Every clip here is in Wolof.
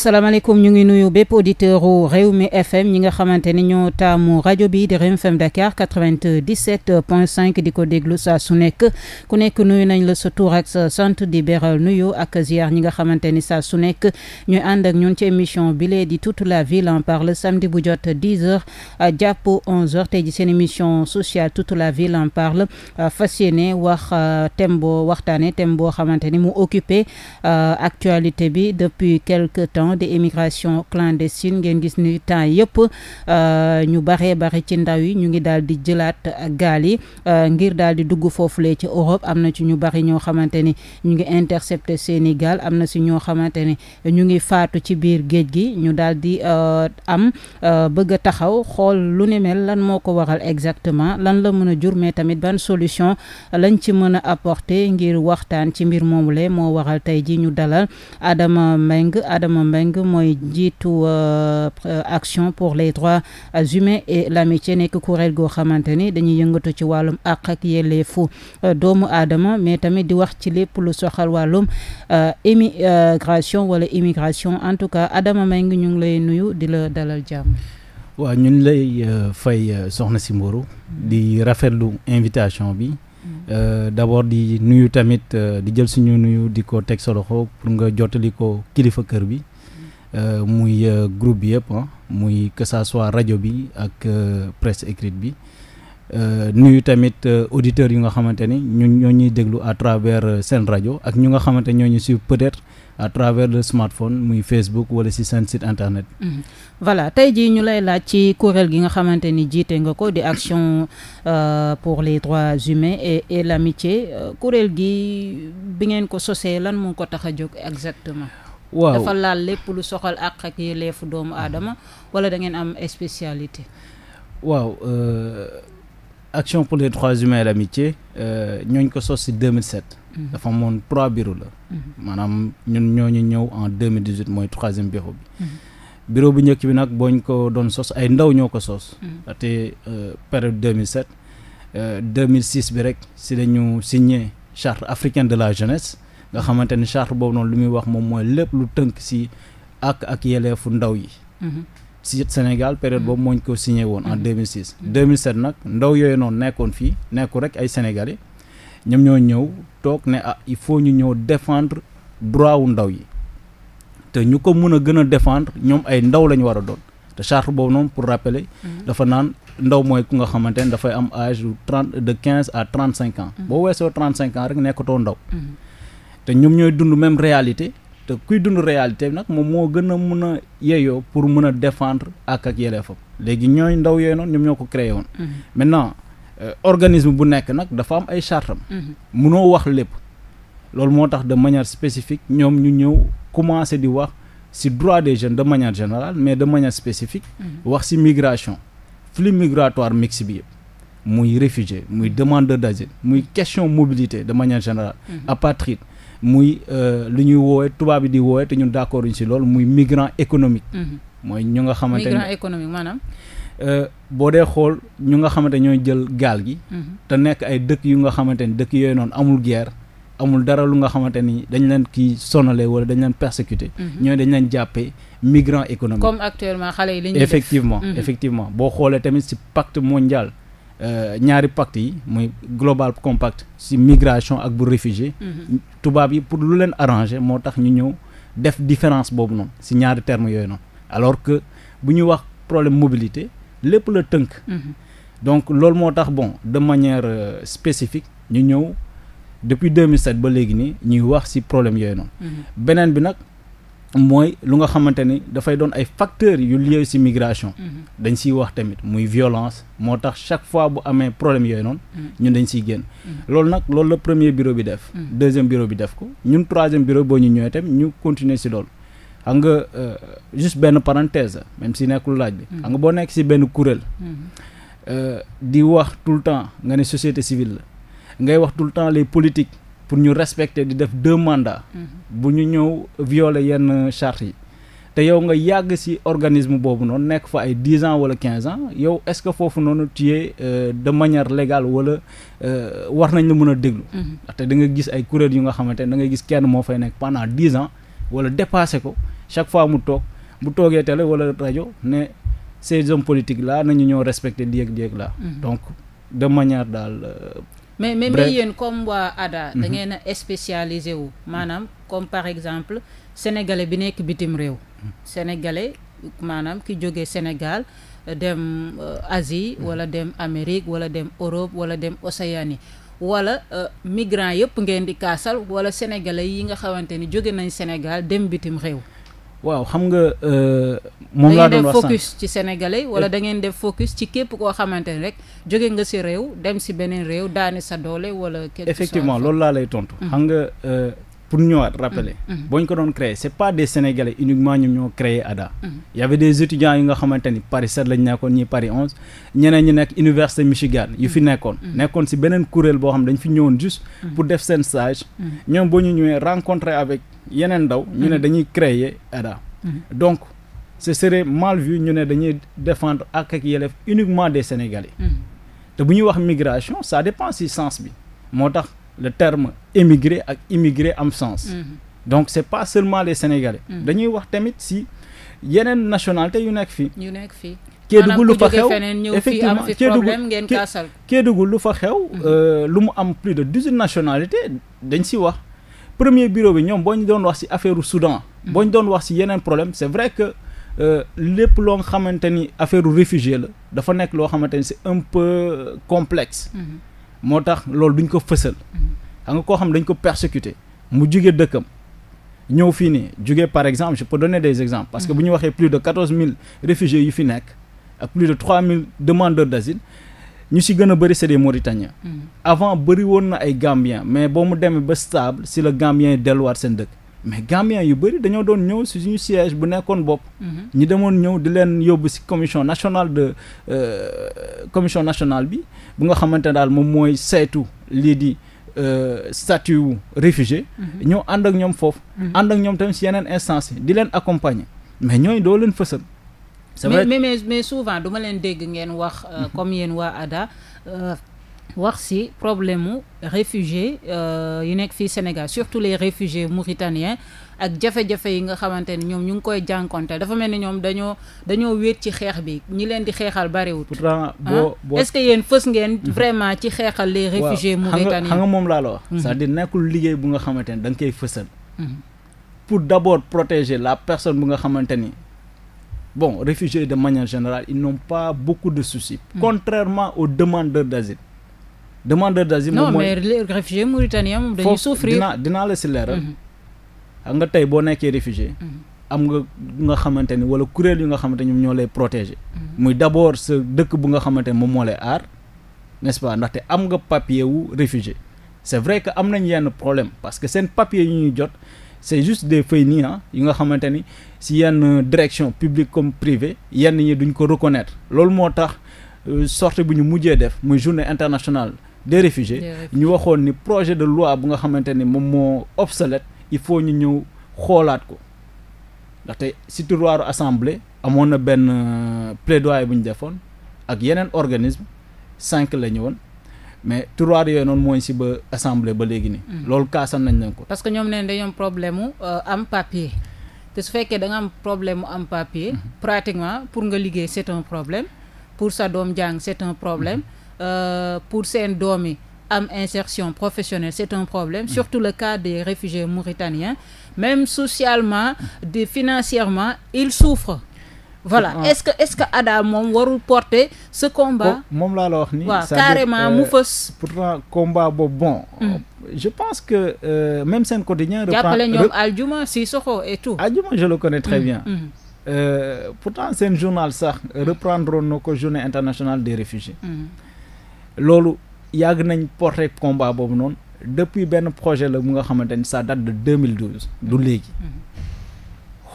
salaamaaleykum ñu ngi nuyu bépp auditeur u Rewmi FM ñi nga xamante ni ñoo taamu rajo bi di Rewmi FM Dakar 97 point 5 di ko déglu saa su nekk ku nekk nuyu nañ la sa ak sa sant di beral nuyu ak ziar ñi nga xamante ni saa su nekk ñuy ànd ak ñun ci émission bi di toute la ville en parle samedi bu jot 10 heures jàpp 11 heures tey seen émission sociale toute la ville en parle euh, fas yéene wax euh, thème boo waxtaane thème boo xamante ni mu occupé euh, actualité bi depuis quelque temps prévention de immigration clandestine ngeen gis ni temps yëpp euh, ñu baree bari ci ndaw yi ñu ngi daal di jëlaat gaal yi euh, ngir daal di dugg foofulee ci Europe am na ci ñu bari ñoo xamante ni ñu ngi intercepté seeni gaal am na si ñoo xamante ni ñu ngi faatu ci biir géej gi ñu daal di euh, am bëgg taxaw xool lu ne mel lan moo ko waxal exactement lan la mën a jur mais tamit ban solution lañ ci mën a apporter ngir waxtaan ci mbir moomule moo waral tey ji ñu dalal Adama Mbengue Adama Mbengue mooy jiitu euh, action pour les droits humains la l'amitié nekk kuréel goo xamante ni dañuy yëngatoo ci wàllum àq ak yelleefu euh, doomu aadama mais tamit di wax ci lépp lu soxal wàllum immigration euh, wala immigration en tout cas Adama Mbengue ñu ngi lay nuyu di la dalal jàmm. waa ñu ngi lay fay soxna si Mboro di rafetlu invitation bi. Mm. Euh, d'abord di nuyu tamit di jël suñu nuyu di ko teg sa loxo pour nga jottali ko kilifa kër bi Euh, muy euh, groupe bi yëpp ah. muy que ça soit rajo bi ak euh, presse écrite bi nuyu tamit auditeurs yi nga xamante ni ñun ñoo ñuy déglu à travers seen rajo ak ñu nga xamante ñoo ñu suivre peut-être à travers le smartphone muy Facebook wala ci seen site internet. Mm-hmm. voilà tey jii ñu lay laaj ci kuréel gi nga xamante ni jiite nga ko di action pour les droits humains et et l'amitié kuréel gi bi ngeen ko sosee lan moo ko tax a jóg exactement. waaw dafa laal lépp lu soxal àq ak yelleefu doomu aadama wala da ngeen am spécialité. waaw euh, action pour les droits humains et l'amitié euh, ñooñ ko sos si 2007. Mhm. dafa amoon trois bureaux la. Mhm. maanaam ñun ñooñu ñëw en 2018 mooy troisième bureau bi. Mhm. bureau bu njëkk bi nag booñ ko doon sos ay ndaw ñoo ko sos. te euh, période 2007 2006 bi rek si la ñu signé charte africaine de la jeunesse. nga xamante ni charte boobu noonu lu muy wax moom mooy lépp lu tënk si ak ak yeleefu ndaw yi. Mhm. si Sénégal période boobu moo ñu ko signé woon en 2006. Mhm. 2007 mhm. nag ndaw yooyu noonu nekkoon fii nekku rek ay sénégalais ñoom ñoo ñëw toog ne a ah, il faut ñu ñëw défendre droit wu ndaw yi te ñu ko mën a gën a défendre ñoom ay ndaw la ñu war a doon te charte boobu noonu pour rappeler. dafa naan ndaw mooy ku nga xamante ne dafay am âge de trente de quinze à trente cinq ans. boo weesoo trente cinq rek nekkatoo ndaw. te ñoom ñooy dund même réalité te kuy dund réalité bi nag moom moo gën a mun a yeyoo pour mun a défendre ak ak yelleefam léegi ñooy ndaw yooyu noonu ñoom ñoo ko créé woon. Mhm. maintenant euh, organisme bu nekk nag dafa am ay chartam mhm. munoo wax lépp loolu moo tax de manière spécifique ñoom ñu ñëw commencé di wax ci droit des jeunes de manière générale mais de manière spécifique. Mhm. wax ci migration flux migratoire mixte bi yëpp. muy réfugié muy demandeur d'asile muy question mobilité de manière générale. apatride muy euh, lu ñuy woowee tubaab bi di woowee te ñun d'accord ñu si loolu muy migrant économique. Mm-hmm. mooy ñu nga xamante ne migrant économique maanaam. Euh, boo dee xool ñu nga xamante ñooy jël gaal gi. Mm-hmm. te nekk ay dëkk yu nga xamante ni dëkk yooyu noonu amul guerre amul dara lu nga xamante ni dañu leen kii sonale wala dañ leen persécuté. Mm-hmm. ñooy dañ leen jàppe migrant économique. comme actuellement xale yi lañu ñuy effectivement effectivement boo xoolee tamit si pacte mondial. Euh, ñaari pacte yi muy global compact si migration ak bu réfugié mhm. tubaab yi pour lu leen arranger moo tax ñu ñëw def différence boobu noonu si ñaari termes yooyu noonu alors que bu ñuy wax problème mobilité lépp la tënk mhm. donc loolu moo tax bon de manière euh, spécifique ñu ñëw depuis 2007 ba léegi nii ñuy wax ci problème yooyu noonu mhm. beneen bi nag mooy lu nga xamante ni dafay doon ay facteurs yu lié ci migration. Mhm. dañ ciy wax tamit muy violence moo tax chaque fois bu amee problème yooyu noonu. Mhm. ñun dañ ciy génn. Mhm. loolu nag loolu la premier biro bi def. deuxième biro bi def ko ñun troisième bureau boo ñu ñëwee tamit ñu continuer si loolu. xam nga euh, juste benn parenthèse même si nekkul laaj bi. xam nga boo nekk si benn kuréel. Euh, di wax tout le temps nga ne société civile la ngay wax tout le temps les politiques. pour ñu respecter di def deux mandats. Mm-hmm. bu ñu ñëw violer yenn charte yi. te yow nga yàgg ci organisme boobu noonu nekk fa ay dix ans wala quinze ans yow est-ce que foofu noonu tuyee euh, de manière légale wala euh, war nañ la mën a déglu. Mm-hmm. ndaxte da nga gis ay kuréel yu nga xamante ne da nga gis kenn moo fay nekk pendant dix ans wala dépassé ko chaque fois mu toog bu toogee tele wala rajo ne ces hommes politiques là nañu ñëw respecté diéeg diéeg la mm-hmm. donc de manière daal. Euh, mais mais mais yéen comme waa ADHA. da mhm. ngeen a spécialisé wu maanaam comme par exemple sénégalais bi nekk bitim réew. sénégalais maanaam ki jógee Sénégal dem euh, Asie mhm. wala dem Amérique wala dem Europe wala dem Océanie. wala euh, migrants yëpp ngeen di kaasal wala sénégalais yi nga xamante ni jóge nañ Sénégal dem bitim réew. waaw xam nga euh, moom laa doon wax focus ci sénégalais wala eh. da ngeen def focus ci képp koo xamante ne rek jóge nga si réew dem si beneen réew daane sa doole wala. quelque effectivement loolu laa lay tontu. Hmm. xam nga euh, pour ñëwaat rappeler. Mm, mm. boo ñu ko doon créer c'est pas des sénégalais uniquement ñoom ñoo créer ADA. Mm. y avait des étudiants yi nga xamante ni Paris 7 lañ nekkoon ñi Paris 11 ñeneen ñi nekk Université Michigan yu fi nekkoon. nekkoon ci beneen kuréel boo xam dañ fi ñëwoon juste. pour def seen stage. ñoom boo ñu ñëwee rencontrer avec yeneen ndaw. ñu ne dañuy créer ADA. donc ce serait mal vu ñu ne dañuy défendre ak ak yelleef uniquement des sénégalais. te bu ñuy wax migration bi moo tax. le terme émigré ak immigré am sens. Mhm. donc c'est pas seulement les sénégalais. Mhm. dañuy wax tamit si yeneen nationalité yu nekk fii. yu nekk fii. Kédougou lu fa xew effectivement Kédougou Kédougou lu fa xew. Mhm. Euh, lu mu am plus de dix-huit nationalités dañ si wax. premier bureau bi ñoom boo ñu doon wax si affaire u Soudan. boo ñu doon wax si yeneen problème c'est vrai que euh, lépp loo xamante ni affaire u réfugié la dafa nekk loo xamante ni c'est un peu complexe. moo tax loolu duñ ko fësal xam nga koo xam dañ ko persécuté mu jugee dëkkam ñëw fii ni jugee par exemple je peux donner des exemples parce que bu ñu waxee plus de quatorze mille réfugiés yu fi nekk ak plus de trois mille demandeurs d'asile ñu si gën a bëri c'est des Mauritaniens mm. avant bëri woon na ay Gambiens mais boo mu demee ba stable si la Gambien delluwaat seen dëkk mais Gambien yu bëri dañoo doon ñëw si suñu siège bu nekkoon bopp. Mhm. ñi demoon ñëw di leen yóbbu si commission national de euh, commission national bi bu nga xamante ne daal moom mooy saytu lii di euh, statut wu réfugié. Mhm. ànd ak ñoom foofu. Mhm. ànd ak ñoom tamit si yeneen instance di leen accompagner mais ñooñu doo leen fësal. c'est vrai mais mais souvent duma leen dégg ngeen wax euh, comme yéen waa ADHA. wax si problème mu réfugiés euh, yu nekk fii Sénégal surtout les réfugiés mauritaniens ak jafe-jafe yi nga xamante ni ñoom ñu ngi koy jànkonte dafa mel ni ñoom dañoo dañoo wéet ci xeex bi ñi leen di xeexal bariwul. pourtant ah, boo boo est-ce que yéen fës ngeen. Mhm. vraiment ci xeexal les réfugiés mauritaniens xam nga moom laa wax. Mhm. c'est-à-dire nekkul liggéey bu nga xamante ni da nga koy fësal. Mhm. pour d'abord protéger la personne bu nga xamante ni. bon réfugiés de manière générale ils n'ont pas beaucoup de soucis. contrairement aux demandeurs d'asile demandeur d'asile. moom mooy non mais les réfugiés mauritaniens moom dañuy souffrir dinaa dinaa la si leeral. Mhm. xam nga tey boo nekkee réfugié. Mhm. am nga nga xamante ni wala kuréel yu nga xamante ñoom ñoo lay protéger. Mhm. muy d'abord dëkk bu nga xamante moom moo lay aar n'est-ce pas ndaxte am nga papier wu réfugié. c'est vrai que am nañ yenn problème parce que seen papier yu ñuy jot c'est juste des feuilles nii ah, yi nga xamante ni si yenn direction publique comme privée yenn ñi duñ ko reconnaître loolu moo tax euh, sortie bu ñu mujjee def muy journée internationale. des réfugiés ñu waxoon ni projet de loi bu nga xamante ni moom moo obsolète il faut ñu ñëw xoolaat ko ndaxte si tiroiru assemblée amoon na benn euh, plaidoyer bu ñu defoon ak yeneen organisme cinq la ñëwoon mais tiroir yooyu noonu mooy si ba assemblée ba léegi nii. Mm. loolu kaasan nañ leen ko. parce que ñoom neen dañoo am problème mu euh, am papier te su fekkee da nga am problème mu am papier. Mm-hmm. pratiquement pour nga liggéey c' est un problème pour sa doom jàng c' est un problème. Mm-hmm. Euh, pour seen doom am insertion professionnelle c'est un problème mm. surtout le cas des réfugiés mauritaniens même socialement de financièrement il souffrent voilà ah. est-ce que est-ce que ADHA moom warul porter ce combat. moom laa la wax nii. waaw carrément mu euh, fës. pourtant combat boobu bon. Mm. je pense que euh, même seen quotidien. reprend jàppale ñoom Aljuma Sissoko et tout. Aljuma je le connais très mm. bien. Mm. Euh, pourtant journal sax reprendre na ko journée internationale des réfugiés. Mm. loolu yàgg nañ porté combat boobu noonu depuis benn projet la mu nga xamante ni ça date de 2012 du léegi mhm.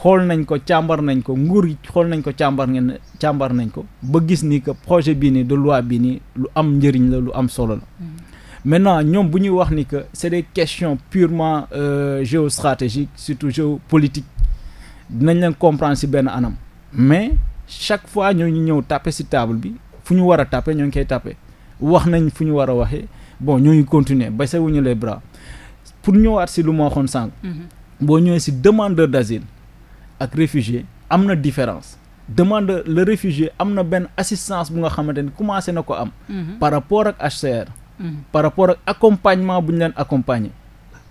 xool nañ ko càmbar nañ ko nguur gi xool nañ ko càmbar ngeen càmbar nañ ko ba gis ni que projet bii nii de loi bii nii lu am njëriñ la lu am solo la mhm. maintenant ñoom bu ñuy wax ni que c'est des question purement euh, géostratégiques surtout géopolitiques dinañ leen comprendre ci benn anam mais chaque fois ñoo ñu ñëw tàppe si table bi fu ñu war a tàppe ñoo ngi koy tàppe wax nañ fu ñu war a waxee bon ñu ngi continuer baissé wuñu les bra pour ñëwaat si lu ma waxoon sànq. Mm-hmm. boo ñëwee si demandeur d'asile ak réfugié am na différence. demande le réfugié am na benn assistance bu nga xamante ni commencé na ko am. Mm-hmm. par rapport ak HCR. Mm-hmm. par rapport ak accompagnement bu ñu leen accompagner.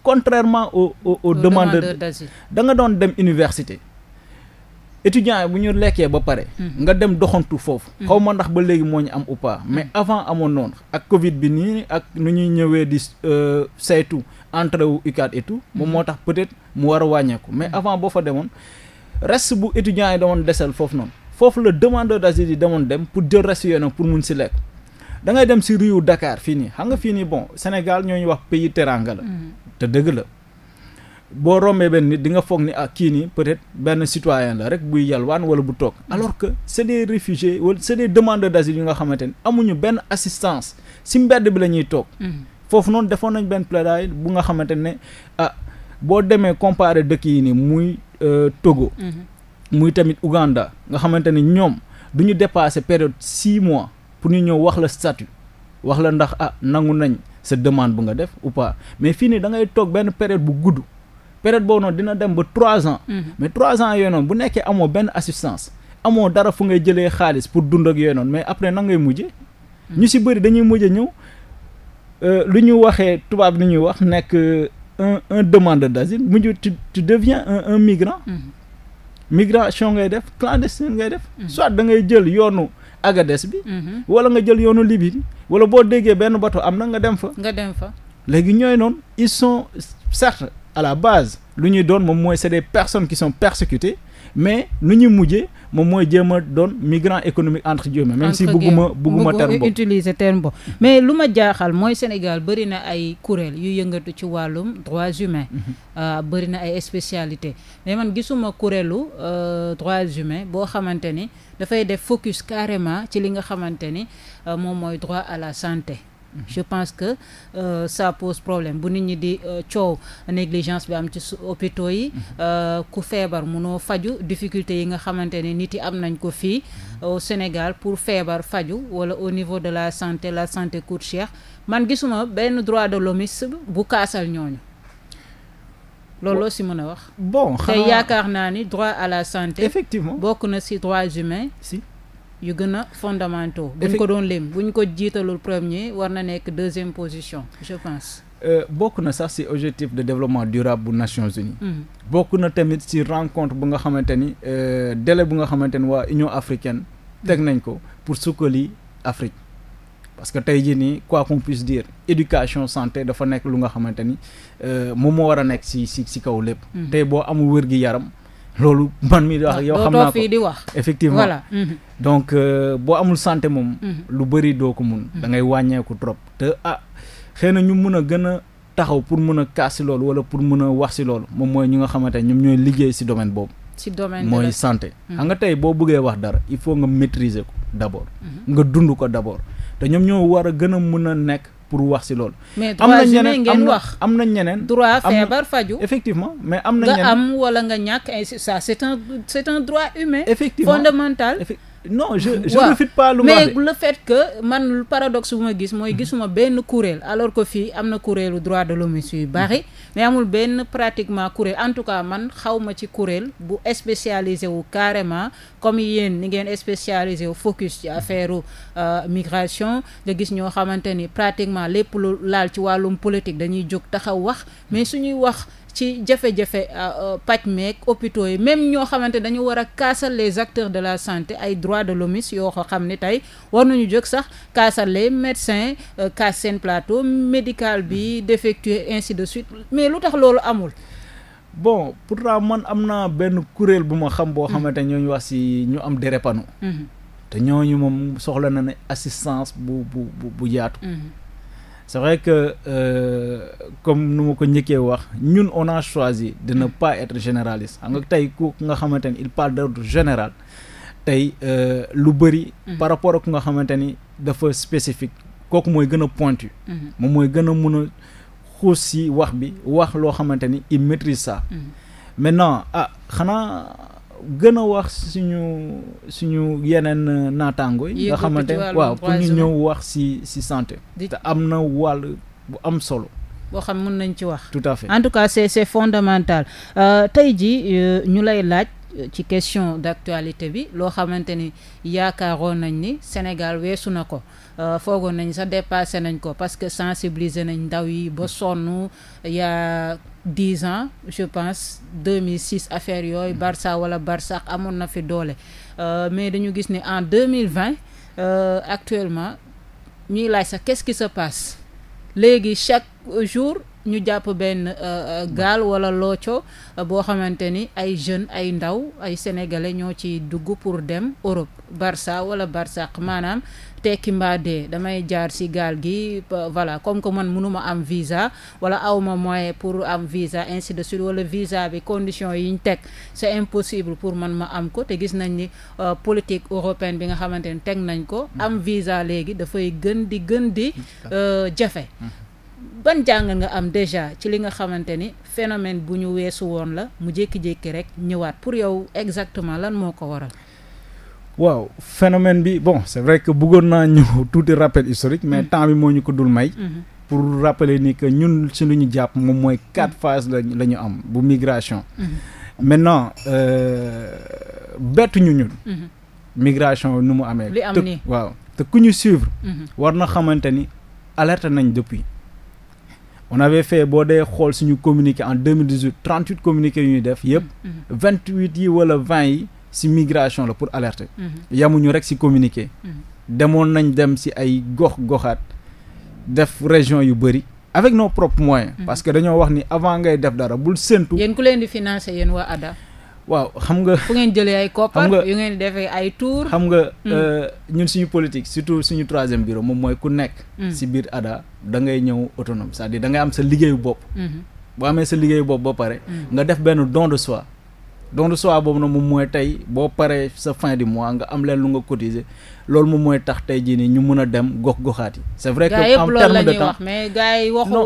contrairement au au au demandeur d'asile da nga doon dem université. étudiants yi bu ñu lekkee ba pare. Mhm. nga dem doxantu foofu. Mhm. xaw ma ndax ba léegi moo ñu am ou pas mais mhm. avant amoon noonu ak Covid bi nii ak nu ñuy ñëwee di euh, saytu entre wu UCAD et tout moom moo tax peut-être mu war a wàññeeku mais avant boo fa demoon reste bu étudiants yi doon desal foofu noonu foofu la demandeur d'asile yi demoon dem pour jël reste yooyu pour mun si lekk. dangay dem si riu dakaar fii nii xam nga fii nii bon Sénégal ñoo ñu wax pays teranga la. te dëgg la. boo rombee benn nit di nga foog ni ah kii nii peut-être benn citoyen la rek buy yalwaan wala bu toog mm. alors que c'est des réfugiés wala c'est des demandeurs d'asile yu nga xamante ne amuñu benn assistance si mbedd bi la ñuy toog. Mm. foofu noonu defoon nañ benn plaidoyer bu nga xamante ne ah demee comparer dëkk yi nii muy euh, Togo. Mm-hmm. muy tamit Ouganda nga xamante ne ñoom du ñu dépasser période six mois pour ñu ñëw wax la statut wax la ndax ah nangu nañ sa demande bu nga def ou pas mais fii nii da ngay toog benn période bu gudd. période boobu noonu dina dem ba trois ans. Mhm. mais trois ans yooyu bu nekkee amoo benn assistance amoo dara fu ngay jëlee xaalis pour dund ak yooyu mais après nan ngay mujjee. Mhm. ñu si bëri dañuy mujj a ñëw euh, lu ñu waxee tubaab li ñuy wax nekk euh, un un demande d'asile mujj tu tu deviens un un migrant. Mhm. migration ngay def clandestine ngay def. soit dangay jël yoonu. agades bi. wala nga jël yoonu Libye bi wala boo déggee benn bato am na nga dem fa. nga dem fa léegi ñooy noonu ils sont à la base lu ñuy doon moom mooy c'est des personnes qui sont persécutées mais lu ñuy mujjee moom mooy jéem a doon migrant économique entre guillemets même si bugguma bugguma terme boobu utiliser terme boobu mais lu ma jaaxal mooy Sénégal bëri na ay kuréel yu yëngatu ci wàllum droits humains mhm. euh, bëri na ay spécialité man gisuma kuréelu euh, droits humains boo xamante ni dafay def focus carrément ci li nga xamante ni euh, moom mooy droit à la santé je pense que euh, ça pose problème bu nit ñi di euh, coow négligence bi am ci hôpitaux yi mhm. euh, ku feebar mu noo faju difficulté yi nga xamante ne nit yi am nañ ko fii mhm. au Sénégal pour feebar faju wala au niveau de la santé la santé coûte cher man gisuma benn droit de l'hommiste bu kaasal ñooñu loolu loo mën a wax bon te yaakaar naa ni droit à la santé effectivement bokk na si droits humains yu gën a fondamentaux buñ ko doon lim buñ ko jiitalul premier war na nekk deuxième position je pense euh, bokk na sax ci objectif de développement durable bu Nations Unies mhm. bokk na tamit ci rencontre bu nga xamante ni euh, délai bu nga xamante ni waa Union africaine teg nañ ko pour sukkali Afrique parce que tey jii nii quoi qu'on puisse dire éducation santé dafa nekk lu nga xamante ni euh, moom moo war a nekk ci ci ci kaw lépp mhm. tey boo amul wér-gi-yaram loolu man mi di wax ah, yow xam naa ko di wax effectivement voilà. Mhm. donc euh, boo amul santé moom mhm. lu bëri doo ko mun mhm. da ngay wàññeeku trop te ah xëy na ñu mun a gën a taxaw pour mun a kaas si loolu wala pour mun a wax si loolu moom mooy ñu nga xamante ne ñoom ñooy liggéey si domaine boobu ci domaine mooy santé xam nga tey boo bëggee wax dara il faut nga maîtriser ko d'abord nga dund ko d'abord te ñoom ñoo war a gën a mun a nekk pour wax si loolu. am na ñeneen ngeen wax am na ñeneen. droit feebar faju effectivement mais am na nga am wala nga ñàkk ça c'est un c'est un droit humain. effectivement fondamental. non je je lu mais le fait que man paradoxe bu ma gis mooy mm-hmm. gisuma benn kuréel alors que fii am na kuréelu droit de l'homme yu bari mm-hmm. mais amul benn pratiquement kuréel en tout cas man xawma ci kuréel bu spécialisé wu carrément comme yéen ni ngeen spécialisé wu focus ci affaire euh, migration nga gis ñoo xamante ni pratiquement lépp lu laal ci wàllum politique dañuy jóg taxaw wax mais suñuy wax ci jafe-jafe euh, euh, paj meeg hôpitaux yi même ñoo xamante dañu war a kaasal les de la santé ay droits de l'homme yoo ko xam ni tey war nañu jóg sax kaasal les médecins euh, kaas seen plateau médical bi défectué ainsi de suite mais lu tax loolu amul bon pour pourtant man am naa benn kuréel bu ma xam boo mm-hmm. xamante ñooñu wax si ñu am dérépano mm-hmm. te ñooñu moom soxla na ne assistance bu bu bu yaatu mm-hmm. c'est vrai que euh, comme nu ma ko njëkkee wax ñun on a choisi de pas être généraliste xam nga tey ku nga xamante ni il parle d'ordre général tey euh, lu bëri. Mhm. par rapport ak nga xamante ni dafa spécifique kooku mooy gën a pointu. Mhm. moom mooy gën a mun a xuus si wax bi wax loo xamante ni il maîtrise ça. Mhm. maintenant ah xanaa. gën a wax suñu suñu yeneen naataango yi. nga xamante waaw pour ñu ñëw wax si si santé. te am na wàll bu am solo. boo xam mën nañ ci wax. tout à fait en tout cas c'est c'est fondamental euh, tey jii euh, ñu lay laaj. Euh, ci question d'actualité bi loo xamante ni yaakaaroon nañ ni Sénégal weesu na ko Euh, foogoon nañ sa dépassé nañ ko parce que sensibiliser nañ ndaw yi ba sonn yaa dix ans je pense 2006 affaire yooyu mm. Barça wala Barça amoon na fi doole euh, mais dañu gis ni en 2020 euh, actuellement ñuy laaj sax qu'est-ce qui se léegi chaque jour ñu jàpp benn euh, euh, gaal wala looco euh, boo xamante ni ay jeunes ay ndaw ay sénégalais ñoo ci dugg pour dem Europe barsa wala Barsaq maanaam tekki mbaa dee damay jaar si gaal gi voilà comme que man mënuma am visa wala awma moyen pour am visa ainsi de suite wala visa bi condition yi ñu teg c'est impossible pour man ma am ko te gis nañ ni politique européenne bi nga xamante ni teg nañ ko am visa léegi dafay gën di gën di mm-hmm. jafe mm-hmm. ban jàngat nga am déjà ci li nga xamante ni phénomène bu ñu weesu woon la mu jékki-jékki rek ñëwaat pour yow exactement lan moo ko waral. waaw phénomène bi bon c'est vrai que bëggoon naa ñëw tuuti rappel historique. mais mmh. temps bi moo ñu ko dul may. Mm-hmm. pour rappeler ni que ñun si lu ñu jàpp moom mooy mm. quatre phases la la ñu am bu migration. Mmh. maintenant euh, bettu ñu ñun. Mm-hmm. migration nu mu amee. li am nii waaw te ku ñu suivre. Mm-hmm. war na xamante ni alerte nañ depuis. on avait fait boo dee xool suñu communiqué en deux mille dix huit trente yu ñuy def yëpp. Mm-hmm. vingt huit yi wala vingt yi si migration la pour alerter. Mm-hmm. yamuñu rek si communiqué. Mm-hmm. demoon nañ dem si ay gox goxaat def région yu bëri. avec nos propres moyens. parce que dañoo wax ni avant ngay def dara bul séntu. yéen ku leen di financer yéen waa ADHA. waaw xam nga. fu ngeen jëlee ay koppar yu ngeen defee ay tour xam nga hmm. euh, ñun suñu politique surtout suñu troisième bureau moom mooy ku nekk. Hmm. si biir ADHA da ngay ñëw autonome c'est-à-dire da ngay am sa liggéeyu bopp. Hmm. boo amee sa liggéeyu bopp ba pare. nga def benn don de soi. don de boobu nag moom mooy tey boo paree sa fin du mois nga am leen lu nga cotiser loolu moom mooy tax tey jii nii ñu mun a dem gox-goxaat yi. c'est vrai que en terme de temps mais gars yi waxu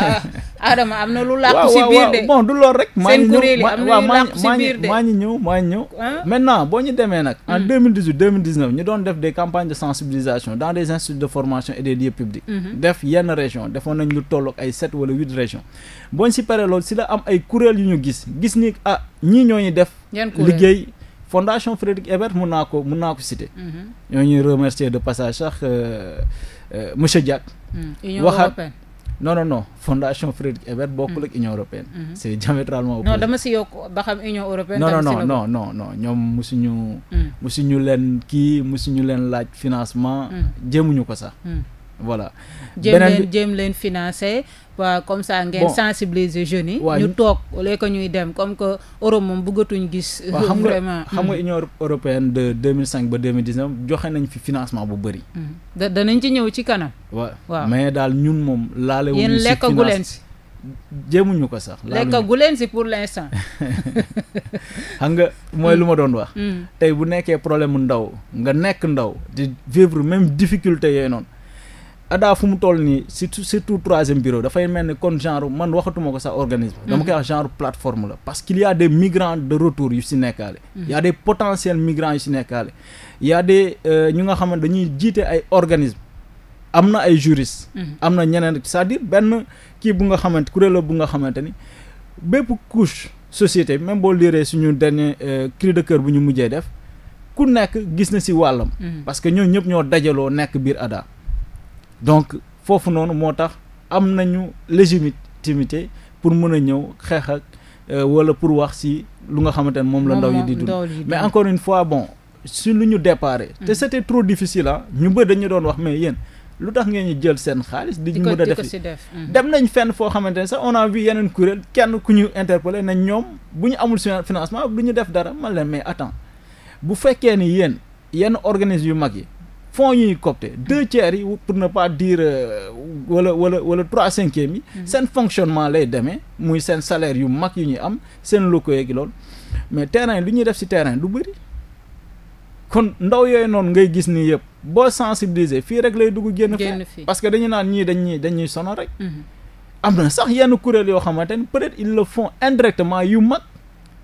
ah, Adama am na lu làqu si biir de bon du loolu rek. maa ngi ñëw maa ngi maa ngi ñëw maa ngi ñëw. maintenant boo ñu demee nag. en hmm. deux mille dix huit deux mille dix neuf ñu doon def des campagnes de sensibilisation dans des instituts de formation et des lieux publics. Hmm. def yenn région defoon nañ lu tolloog ay sept wala huit régions. boo ñu si paree loolu si la am ay kuréel yu ñu gis gis ni ah, ñii ñoo ñu def. liggéey fondation Frédéric Ebert mun naa ko mun naa ko citer. Mhm. ñoo ñuy remercier de passage sax euh, euh, monsieur Diack. Hmm. wax ak non non fondation Frédéric Ebert bokkul ak hmm. union européenne. Hmm. c' diamétralement opposé. non dama si yokk ba xam union européenne. non non non non non ñoom musuñu. musuñu leen kii musuñu leen laaj financement. jéemuñu ko sax. voilà. beneen bi jéem leen financer waa comme ça ngeen sensibiliser jeunes yi. ñu toog au que ñuy dem comme que Europe moom buggatuñ gis. vraiment xam nga Union européenne de 2005 ba 2019 joxe nañ fi financement bu bëri. Mm-hmm. da danañ ci ñëw ci kanam. waaw mais daal ñun moom. laale wu ñu si lekkagu leen si. jéemuñu ko sax. lekkagu leen si pour l' xam nga mooy lu ma doon wax. Mm-hmm. tey bu nekkee problème mu ndaw nga nekk ndaw di vivre même difficulté yooyu noonu. adaa fu mu toll nii surtout surtout troisième bureau dafay mel ni kon genre man waxatuma ko sax organisme. dama koy wax genre plateforme la. parce qu'il y a des de retour yu si nekkaale. y a des potentiels yu si nekkaale. y a euh, ñu nga xamante ne dañuy jiite ay organisme am na ay juristes. am na ñeneen cest à benn kii bu nga xamante kuréel bu nga xamante ni bépp couche société même boo liiree suñu dernier euh, cri de cœur bu ñu mujjee def ku nekk gis na si wàllam. Mm-hmm. parce que ñoo ñëpp ñoo dajaloo nekk biir Ada. donc foofu noonu moo tax am nañu légitimité pour mën a ñëw xeex ak euh, wala pour wax si lu nga xamante ne moom la ndaw yi di dund mais encore une fois bon si lu ñu déparé te mm-hmm. c'était trop difficile ah ñu bëri dañu doon wax mais yéen lu tax ngeen ñu jël seen xaalis di mën a def mm-hmm. dem nañ fenn foo xamante ne sax on a vu yeneen kuréel kenn ku ñu interpellé nañ ñoom bu ñu amul financement bu ñu def dara man leen mais attends bu fekkee ni yéen yenn organisme yu mag yi fonds yu ñuy coopté deux tiers yi pour ne pas diir euh, wala wala wala trois cinquième yi mhm. seen fonctionnement lay demee muy seen salaire yu mag yu ñuy am seen locaux yeeg loolu mais terrain lu ñuy def si terrain du bëri kon ndaw yooyu noonu ngay gis nii yëpp boo sensibiliser fii rek lay dugg génn fii parce que dañu naan ñii dañuy dañuy sono rek mhm. am na sax yenn kuréel yoo xamante ni peut-être ils le font indirectement yu mag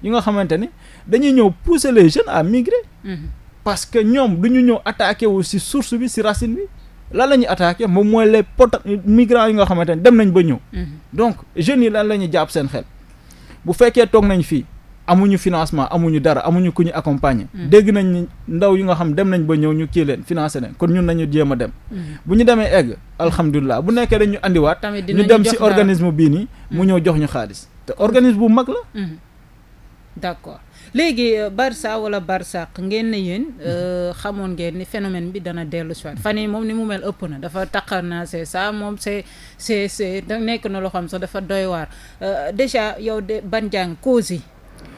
yi nga xamante ni dañuy ñëw pousser les jeunes à migrer mhm. parce que ñoom du ñu ñëw attaqué wu si source bi si racine bi lan la ñuy attaqué moom mooy les pot migrants yi nga xamante ne dem nañ ba ñëw. Mm-hmm. donc jeunes yi lan la ñuy jàpp seen xel. bu fekkee toog nañ fii amuñu financement amuñu dara amuñu ku ñu accompagner. Mm-hmm. dégg nañ ndaw yi nga xam dem nañ ba ñëw ñu kii leen financé leen kon ñun nañu jéem a dem. Mm-hmm. bu ñu demee egg alhamdulilah bu nekkee dañ ñu andiwaat. ñu dem si organisme bii nii mu ñëw jox ñu xaalis te organisme bu mag la. d'accord. léegi euh, Barça wala Barsaq ngeen ne yéen mhm. euh, xamoon ngeen ni phénomène bi dana dellu si waat fan yi moom ni mu mel ëpp na dafa taqar naa c'est ça moom c'est c'est c'est nekk na loo xam sax dafa doy waar euh, déjà yow de ban jàng causes yi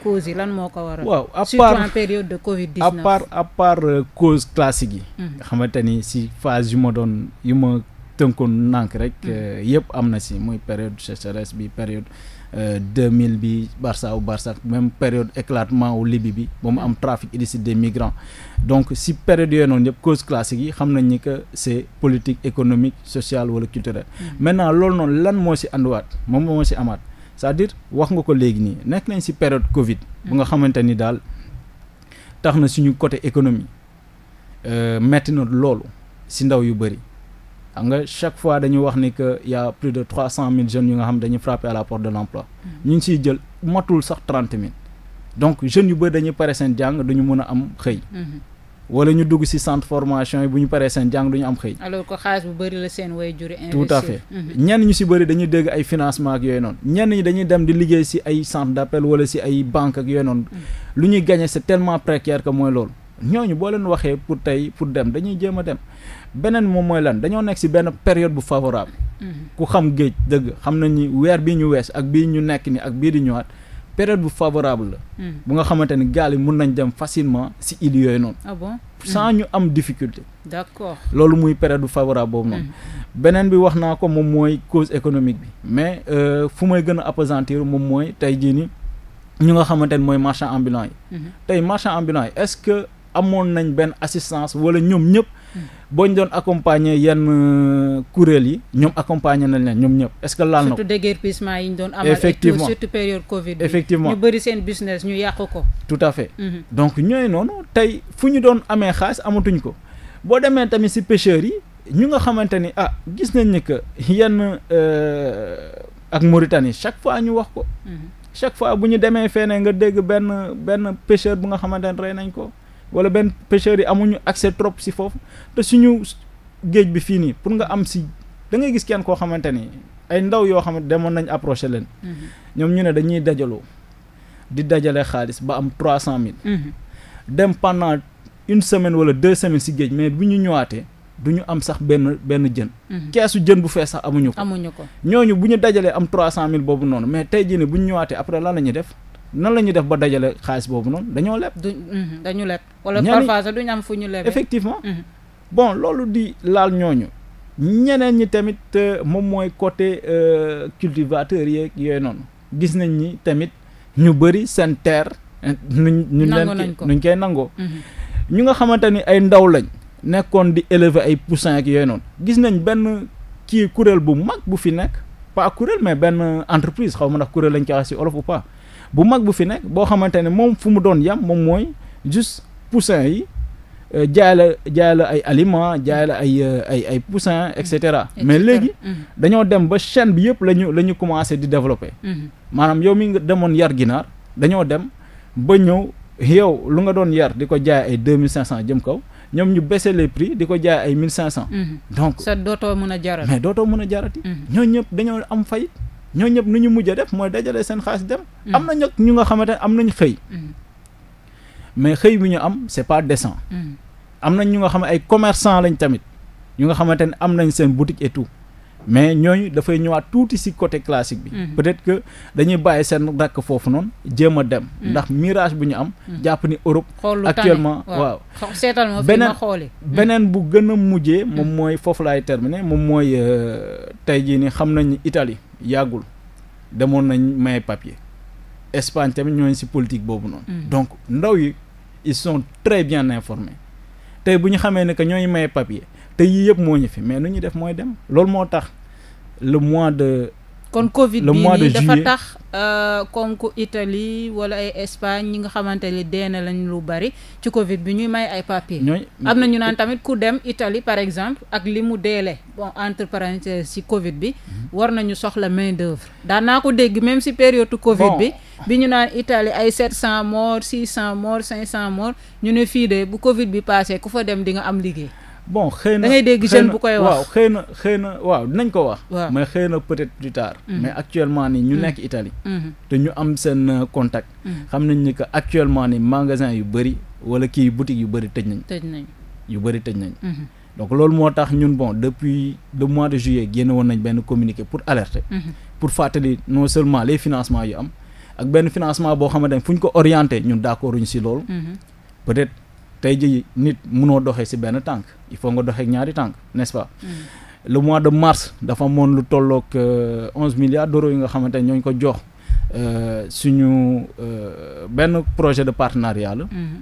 causes yi lan moo ko waral. waaw surtout en période de Covid 19 à part à part cause classique yi. Mhm. nga xamante ni si phase yu ma doon yu ma. tënkoon nànk rek mm. eh, yëpp am na si muy période sécheresse bi période eh, deux mille bi Barça ou Barça même période éclatement wu Libye bi ba mu am trafic illicite des migrants donc si période yooyu noonu yëpp cause yi xam nañ ni que c'est politique économique sociale wala culturelle mm. maintenant loolu noonu lan moo si anduwaat moom moo si amaat cest à wax nga ko léegi nii nekk nañ si période Covid bu nga mm. xamante ni daal tax na suñu côté économie eh, metti na loolu si ndaw yu bëri xam nga chaque fois dañu wax ni que y' a plus de trois cent mille jeunes yu nga xam dañuy frappé à la porte de l' emploi. Mm. ñu ngi siy jël matul sax trente mille. donc jeunes yu bëri dañuy pare seen jàng duñu mën a am xëy. Mm-hmm. wala ñu dugg ci centre formation yi bu ñu paree seen jàng duñu am xëy. alors que bu bëri la seen way juri investir. tout à fait mm-hmm. ñenn ñu ci bëri dañuy dégg ay financement ak yooyu noonu ñenn ñi dañuy dem di liggéey ci ay centre d'appel wala ci ay banque ak yooyu noonu. Mm. lu ñuy gagné c'est tellement précaire mooy loolu. ñooñu boo leen waxee pour tey pour dem dañuy jéem dem. beneen moom mooy lan dañoo nekk ci benn période bu favorable. Mm-hmm. ku xam géej dëgg xam na ñi weer bii ñu wees ak bii ñu nekk ni ak bii di ñëwaat période bu favorable la. Mm-hmm. bu nga xamante ni gaal yi mun nañ dem facilement ci île yooyu noonu. ah mm-hmm. ñu am difficulté. d'accord loolu muy période bu favorable boobu noonu. beneen bi wax naa ko moom mooy cause économique bi. mais euh, fu may gën a appesantir moom mooy tey jii ni ñu nga xamante ni mooy marchand ambulant yi. tey marchand amoon nañ benn assistance wala ñoom ñëpp boo ñu doon accompagner yenn euh, kuréel yi ñoom accompagner nañ leen ñoom ñëpp est-ce que laal na surtout déguerpissement yi ñu doon amal effectivement surtout période Covid effectivement ñu bëri seen business ñu yàq ko tout à fait mhm. donc ñooy noonu tey fu ñu doon amee xaalis amatuñ ko boo demee tamit si pêcheurs yi ñu nga xamante ni ah gis nañ ni que yenn euh, ak Mauritanie chaque fois ñu wax ko mhm. chaque fois bu ñu demee feneen nga dégg benn benn pêcheur bu nga xamante ne rey nañ ko wala benn pêcheurs yi amuñu accès trop si foofu te suñu géej bi fii nii pour nga am si da ngay gis kenn koo xamante ni ay ndaw yoo xamante demoon nañ approché leen. Mhm. ñoom ñu ne dañuy dajaloo di dajale xaalis ba am trois cent mille. Mhm. dem pendant une semaine wala deux semaines si géej mais bu ñu ñëwaatee. du ñu am sax benn benn jën. Mhm. keesu jën bu fees sax amuñu ko. amuñu ko ñooñu bu ñu dajalee am 300000 boobu noonu mais tey jii ne bu ñu ñëwaatee après lan la ñuy def. nan la ñuy def ba dajale xaalis boobu noonu dañoo leb. Mm-hmm, dañu leb wala parfois sax duñu am fu ñu leb. effectivement mm-hmm. bon loolu di laal ñooñu. ñeneen ñi tamit moom mooy côté euh, cultivateur yeeg yooyu noonu gis nañ ni tamit ñu bëri seen terre. Eh, nuñ nuñ leen nuñ koy nangoo. Mm-hmm. ñu nga xamante ni ay ndaw lañ. nekkoon di élever ay poussin ak yooyu noonu. gis nañ benn kii kuréel bu mag bu fi nekk. pas kuréel mais benn entreprise xaw ma ndax kuréel lañ ko wax ci olof ou pas bu mag bu fi nekk boo xamante ne moom fu mu doon yam moom mooy juste poussin yi euh, jaay la jaay la ay aliments jaay la ay euh, ay ay poussin et cetera mais léegi mhm. dañoo dem ba chaîne bi yëpp la ñu la ñu commencé di développer mhm. maanaam yow mi nga demoon yar ginaar dañoo dem ba ñëw yow lu nga doon yar di ko jaay ay deux mille cinq cent jëm kaw ñoom ñu baissé les prix di ko jaay ay mille cinq cent mhm. donc sa dootoo mën a jarat mais dootoo mën a jarati mhm. ñoo ñëpp dañoo am fayit ñoo ñëpp nu ñu mujj def mooy dajale seen xaalis dem mhm. am na ño ñu nga xamante ne am nañ xëy mais xëy bi ñu am c'est pas décent am nañ ñu nga xam ay commerçant lañ tamit ñu nga xamante ne am nañ seen boutique et tout mais ñooñu dafay ñëwaat tuuti si côté classique bi. Mhm. peut-être que dañuy bàyyi seen rakk foofu noonu jéem a dem. Mhm. ndax mirage bu ñu am. Mhm. jàpp ni Europe. actuellement waaw seetal ma fi ma beneen bu gën a mujjee moom mooy foofu laay terminer moom mooy euh, tey jii ni xam nañu itali yàggul demoon nañ maye papier Espagne tamit ñooñu si politique boobu noonu. donc ndaw yi ils sont très bien informés tey bu ñu xamee ne que ñooñu maye papier te yii yëpp moo ñu fi mais nu ñu def mooy dem loolu moo tax. le mois de. kon Covid le mois de juillet dafa tax comme euh, ku Italie wala ay Espagne ñi nga xamante ne dee na lañ lu bari ci Covid bi ñuy may ay papier. am na ñu naan tamit ku dem Italie par exemple ak li mu deele bon entre parenthèses ci Covid bi. Mhm. war nañu soxla main d'œuvre. daan naa ko dégg même si période Covid bi. bi ñu naan Italie ay 700 morts 600 cinq 500 morts ñu ne fii de bu Covid bi passé ku fa dem di nga am liggéey. bon xëy na da ngay dégg jeune bu koy xëy na xëy na waaw dinañ ko wax. mais xëy na peut-être plus tard. Mm-hmm. mais actuellement ni ñu mm-hmm. nekk Italie. Mm-hmm. te ñu am seen euh, contact. xam nañ ni que actuellement ni magasin yu bëri wala kii boutique yu bëri tëj nañ. tëj nañ yu bëri tëj nañ. donc loolu moo tax ñun bon depuis de mois de juillet génn woon nañ benn communiqué pour alerter. pour fàttali non seulement les financement yu am ak benn financement boo xamante ne fu ñu ko orienté ñun d'accord ñu si loolu. peut-être. tey jii nit munoo doxee si benn tànk il faut nga doxee ñaari tànk n'est-ce pas. Mm. le mois de mars dafa amoon lu tollook euh, onze milliards d'euros yi nga xamante ne ñooñu ko jox euh, suñu euh, benn projet de partenariat la. Mm-hmm.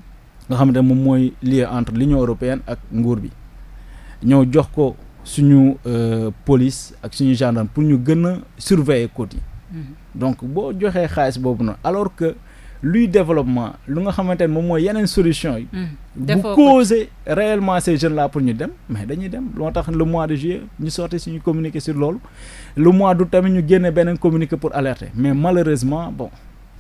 nga xamante ne moom mooy lié entre l'Union européenne ak nguur bi ñoo jox ko suñu police ak suñu gendarme pour ñu gën a surveiller côte yi. Mm-hmm. donc boo joxee xaalis boobu noonu alors que. luy développement lu nga xamante ne moom mooy yeneen solution yi. Hmm. bu causer réellement ces jeunes là pour ñu dem mais dañuy dem loo tax le mois de juillet ñu sorti suñu communiqué si loolu lu mois d'août tamit ñu génne beneen communiqué pour alerter mais malheureusement bon.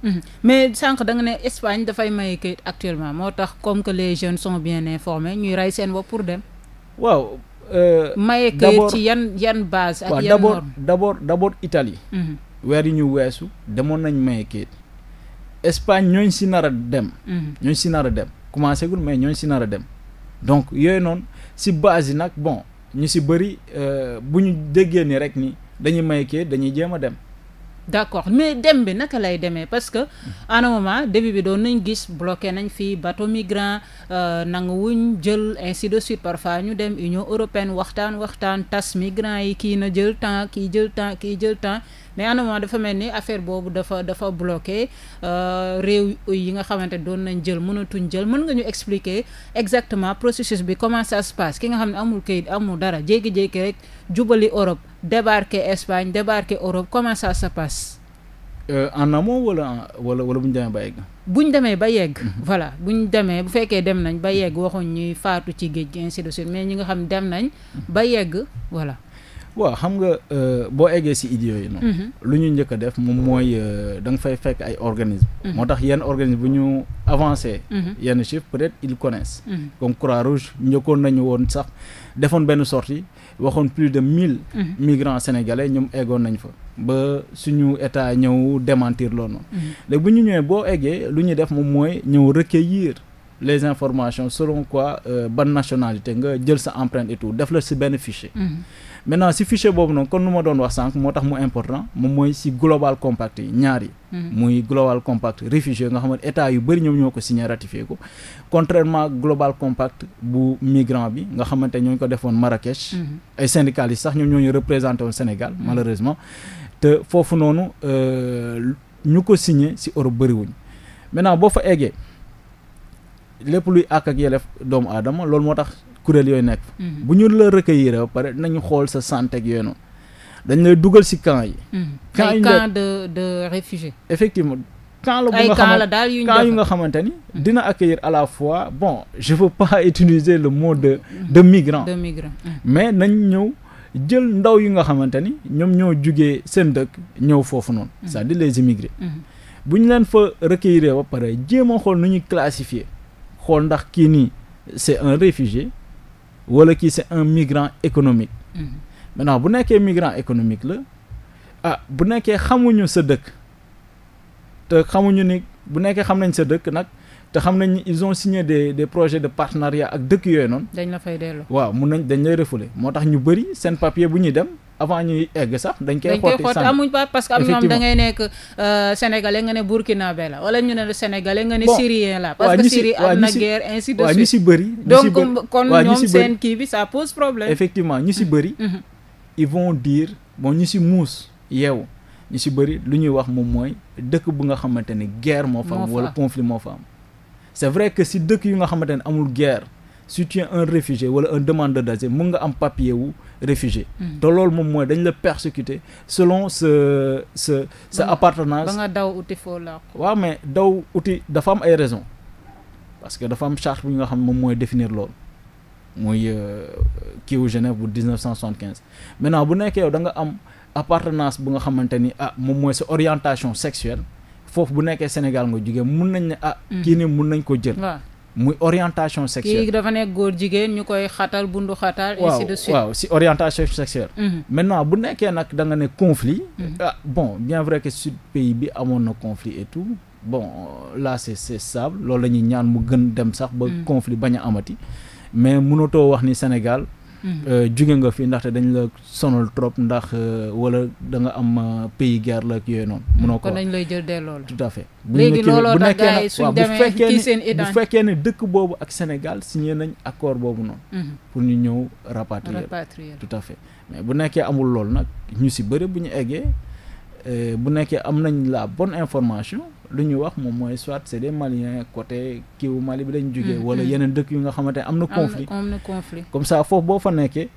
Hmm. mais sànq da nga ne Espagne dafay may kayit actuellement moo tax comme que les jeunes sont bien informés ñuy rey seen bopp pour dem. waaw. Euh, maye kayit ci yan yan base. ak yan norme d'abord d'abord d'abord Italie. Hmm. weer yi ñu weesu demoon nañ maye kayit. Espagne ñooñ si nara a dem. Mhm. ñooñ si nar a dem commencé gul mais ñooñ si nar a dem donc yooyu noonu si base yi nag bon ñu si bëri euh, bu ñu déggee ni rek ni dañuy may kii dañuy jéem a dem. d'accord mais dem bi naka lay demee parce que à mhm. un début bi doon nañ gis bloqué nañ fii bateau migrant euh, nanguwuñ jël ainsi de suite parfois ñu dem Union européenne waxtaan waxtaan tas migrant yi kii na jël temps kii jël temps kii jël temps. mais à dafa mel ni affaire boobu dafa dafa bloqué euh, réew yi nga xamante doon nañ jël mënatuñ jël mën nga ñu expliquer exactement processus bi comment ça se ki nga xam ne amul kayit amul dara jékki-jékki rek jubali Europe débarqué Espagne débarqué Europe comment ça se passe. Euh, en amont wala wala wala bu ñu demee ba yegg. bu ñu demee ba yegg. Mhm. voilà bu ñu demee bu fekkee dem nañ ba yegg waxuñ ñuy faatu ci géej gi ainsi de mais ñi nga xam dem nañ. ba yegg voilà. waaw xam nga euh, boo eggee si idées yi noonu. Mhm. lu ñu njëkk a def moom mooy euh, da nga fay fekk ay organisme mhm. moo tax yenn organisme bu ñu avancé. Mhm. yenn chiffres peut-être ils connaissent. comme Croix-Rouge njëkkoon nañu woon sax defoon benn sortie waxoon plus de mille. migrants sénégalais ñoom eggoon nañ fa. ba suñu état ñëw démentir loolu noonu. léegi bu ñu ñëwee boo eggee lu ñuy def moom mooy ñëw recueillir. les informations selon quoi euh, ban nationalité nga jël sa empreinte et tout def la si benn fichier. maintenant si fichier boobu noonu kon nu ma doon wax sànq moo tax mu important moom mooy si global compact yi ñaari mm-hmm. muy global compact réfugié nga xamante état yu bëri ñoom ñoo ko signé ratifié ko contrairement global compact bu migrant bi nga xamante ñooñu ko defoon Marrakech. Mm-hmm. ay syndicalistes sax ñoom ñoo ñu représenté woon Sénégal mm-hmm. malheureusement te foofu noonu euh, ñu ko signé si Europe bëriwuñ maintenant boo fa eggee lépp luy àq ak yelleef doomu aadama loolu moo tax. kuréel yooyu nekk mhm. bu ñu la recueillir ba pare nañu xool sa santé ak yooyu noonu dañ lay dugal si camp yi mhm. camp yi camp de de réfugiés effectivement camp la nga xam camp yu nga xamante ni mhm. dina accueillir à la fois bon je veux pas utiliser le mot de de migrant de mais nañ ñëw jël ndaw yi nga xamante ni ñoom ñoo jugee seen dëkk ñëw foofu noonu c'est-à-dire les immigrés bu ñu leen fa recueillir ba pare jéem a xool nu ñuy classifier xool ndax kii nii c'est un réfugié wala kii c'est un migrant économique mm-hmm. maintenant bu nekkee migrant économique la ah bu nekkee xamuñu sa dëkk te xamuñu ni bu nekkee xam nañ sa dëkk nag te xam nañ ils ont signé des des projets de partenariat ak dëkk yooyu noonu. dañ la fay delloo waaw mun nañ dañ lay refoulé moo tax ñu bëri seen papier bu ñuy dem. avant ñuy egg sax dañ koy xotti xotti amuñ pas parce am ñoom da ngay nekk euh, sénégalais nga ne burkinabé la wala ñu ne la sénégalais nga ne syrien la parce que syrie am na guerre ainsi de suite ñu si bëri donc kon ñoom seen kii bi ça pose problème effectivement ñu si bëri mm-hmm. ils vont dire bon ñu si muus yeewu ñu si bëri lu ñuy wax moom mooy dëkk bu nga xamante ne guerre moo fa am wala conflit moo fa am c'est vrai que si dëkk yu nga xamante ne amul guerre si tu un réfugié wala un demandeur d'asile mun nga am papier wu réfugié mm. te loolu moom mooy dañ la persécuter selon sa sa sa appartenance ba nga daw uti foo la waaw mais daw uti dafa am ay raisons parce que dafa am charte bu nga xam moom mooy définir loolu muy euh, kii wu Genève bu 1975 maintenant bu nekkee yow da nga am appartenance bu nga xamante ni ah moom mooy sa orientation sexuelle foofu bu nekkee Sénégal nga jógee mun nañ ne ah mm. kii ni mun nañ ko jël muy orientation sexuelle. kii dafa ne góor jigéen ñu koy xatal bundu xatal. waaw waaw si orientation sexuelle. Mm-hmm. maintenant bu nekkee nag da ne conflit. Mm-hmm. Ah, bon bien vrai que sud pays bi amoon na conflit et tout bon là c'est c'est stable loolu la ñuy ñaan mu gën dem sax. ba mm. conflit bañ a amati mais mënatoo wax ni Sénégal. Mm. Euh, jóge nga fi ndaxte dañ la sonal trop ndax euh, wala danga am euh, pays guerre la ak yooyu noonu. munoo ko kon dañ lay jël delloo la tout à fait. léegi looloo tax gars yi suñ demee kii seen itam bu fekkee ne dëkk boobu ak Sénégal signé nañ accord boobu noonu. Mm-hmm. pour ñu ñëw rapatrier. rapatrier tout à fait mais bu nekkee amul loolu nag ñu si bëri bu ñu eggee bu nekkee am nañ la bon information. lu ñu wax moom mooy soit c' est des maliens côté kiiwu Mali bi lañ jógee mm-hmm. wala yeneen dëkk yu nga xamante ne am na conflit am na conflit comme ça foofu boo fa nekkee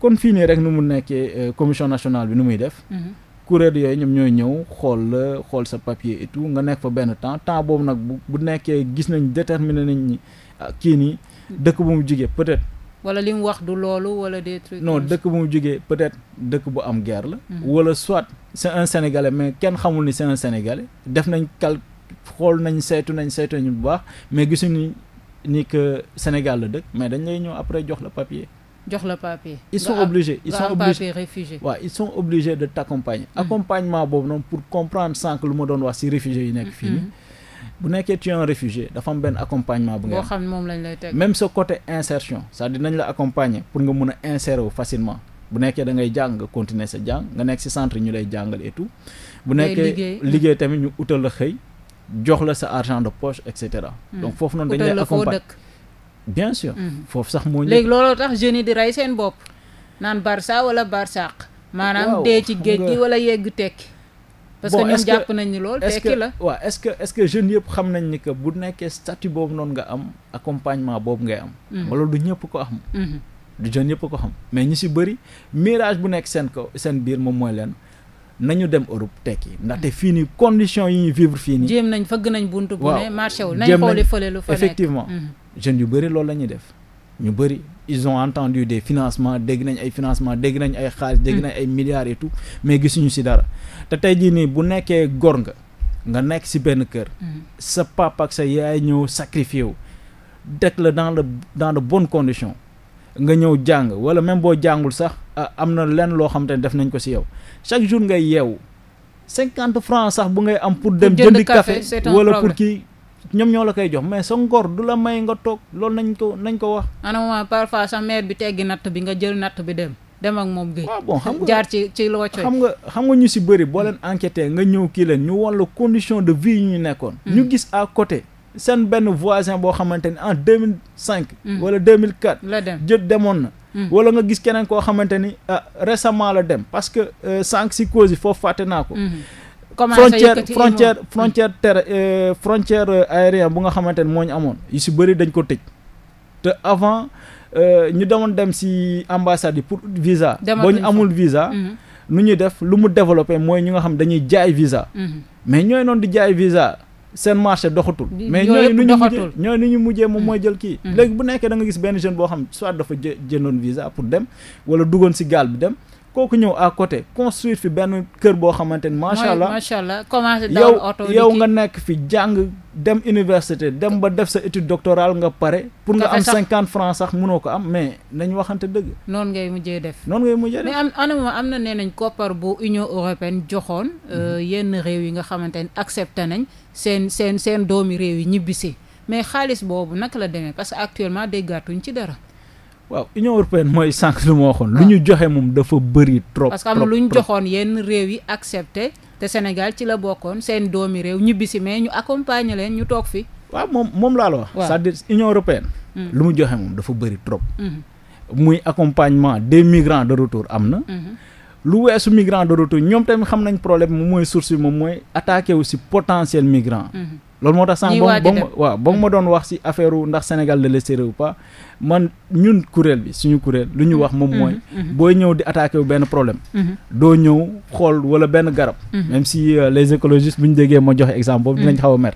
kon fii nii rek nu mu nekkee euh, commission national bi nu muy def mm-hmm. kuréel yooyu ñoom ñoo ñëw xool la xool sa papier et nga nekk fa benn temps temps boobu nag bu bu nekkee gis nañ déterminé nañ ni ah, kii nii mm-hmm. dëkk bu mu jugee peut être wala li mu wax du loolu wala des trucs dëkk bu mu jugee peut être dëkk bu am guerre la wala soit c'est un sénégalais mais kenn xamul ni c'est un sénégalais def nañ kal xool nañ saytu nañ saytu nañ bu baax mais gisuñu ni que Sénégal la dëkk mais dañ lay ñëw après jox la papier. jox la papier. ils sont obligés ils sont obligés waaw ouais, ils sont obligés de t'accompagner. Mm accompagnement boobu noonu pour comprendre sànq lu ma doon wax ci réfugié yi nekk fii nii. Hmm. bu nekkee tu es un réfugié dafa am benn accompagnement bu nga xam moom lañ lay teg même ce côté insertion c'est-à-dire nañ la accompagner pour nga a insérer wu facilement. bu nekkee da ngay jàng nga continuer sa jàng nga nekk ci centre ñu lay jàngal et tout. bu nekkee liggéey tamit ñu utal la xëy jox la sa argent de poche et cetera. Hmm. donc foofu noonu dañ lay accompagner bien sûr. Hmm. foofu sax moo léegi looloo tax jeunes yi di rey seen bopp naan Barça wala Barsaq. maanaam ci géej gi wala yegg tekki. parce que jàpp nañ ni loolu tekki la waaw est-ce que est-ce que jeunes yëpp xam nañ ni que bu nekkee statut boobu noonu nga am accompagnement boobu ngay am. Hmm. wala du ñëpp ko am. jeunes yëpp ko xam mais ñi si bëri mirage bu nekk seen ko seen biir moom mooy leen nañu dem Europe tekki ndaxte fii nii conditions yi ñu vivre fii nii. jéem nañ fëgg nañ buntu. bu ne marché wul nañ xooli fële lu mhm. jeunes yu bëri loolu la ñuy def ñu bëri. ils ont entendu des financement dégg nañ ay financement dégg nañ ay xaalis dégg mhm. nañ ay milliards et tout mais gisuñu si dara te tey jii nii bu nekkee góor nga nga nekk si benn kër mhm. sa papa ak sa yaay ñëw sacrifié wu teg la dans la dans de bonnes conditions nga ñëw jàng wala même boo jàngul sax am na lenn loo xam te ne def nañ ko si yow chaque jour ngay yeewu cinquante francs sax bu ngay am pour dem jënd café wala pour kii ñoom ñoo la koy jox mais sa ngor du la may nga toog loolu nañ ko nañ ko wax ana moment parfois sa mère bi teggi natt bi nga jël natt bi dem dem ak moom géej waaw bon xam nga jaar ci ci loo xam nga ñu si bëri boo leen enquêté nga ñëw kii leen ñu won condition de vie yu ñu nekkoon hmm. ñu gis à côté seen benn voisin boo xamante ni en deux mille cinq hmm. wala deux mille quatre la dem jët demoon na hmm. wala nga gis keneen koo xamante ni ah récemment la dem parce que euh, sànq si cause yi foofu fàtte naa ko hmm. frontière frontière frontière terre euh, frontière aérien bu nga xamante ni moo ñu amoon yu si bëri dañ ko tëj te avant ñu demoon dem si ambassade yi pour visa boo ñu amul visa nu ñuy def lu mu développé mooy ñu nga xam dañuy jaay visa mais ñooy noonu di jaay visa seen marché doxatul mais ñooñu nu ñu mujjee ñooñu nu ñu mujjee moom mooy mm. jël kii mm. léegi bu nekkee da nga gis benn jeune boo xam soit dafa jë jëndoon visa pour dem wala duggoon si gaal bi dem kooku ñëw à côté construire fi benn kër boo xamante ni macha allah macha allah commencé daw oto yow nga nekk fi jàng dem université dem ba def sa étude doctoral nga pare pour nga am cinquante francs sax munoo ko am mais nañ waxante dëgg noonu ngay mujjee def noonu ngay mujjee def mais am anama am na nee nañ koppar bu Union européenne joxoon euh, mhm. yenn réew yi nga xamante ni accepté nañ seen seen seen doomi réew yi ñibbisi mais xaalis boobu naka la demee parce que actuellement déggaatuñ ci dara waaw union européenne mooy sànq lu ma waxoon. lu ñu joxe moom dafa bëri trop. parce que lu ñu joxoon yenn réew yi accepté te Sénégal ci la bokkoon seen doomi réew ñibbi si mais ñu accompagner leen ñu toog fi. waaw moom moom laa wax. c'est-à-dire union européenne. Mm. lu mu joxe moom dafa bëri trop. Mm-hmm. muy accompagnement des migrants de retour am na. Mm-hmm. lu weesu migrants de retour ñoom tamit xam nañ problème moom mooy source moom mooy attaqué wu si potentiel migrant. Mm-hmm. loolu moo tax sànq ba ma waaw ba ma doon wax si affaire ndax Sénégal de l'extérieur ou pas man ñun kuréel bi suñu kuréel lu ñu wax moom mm-hmm. mooy mm-hmm. Mm-hmm. booy ñëw di attaqué wu benn problème doo ñëw xool wala benn garab même si euh, les écologistes bu ñu déggee ma joxe exemple boobu dinañ xaw a mer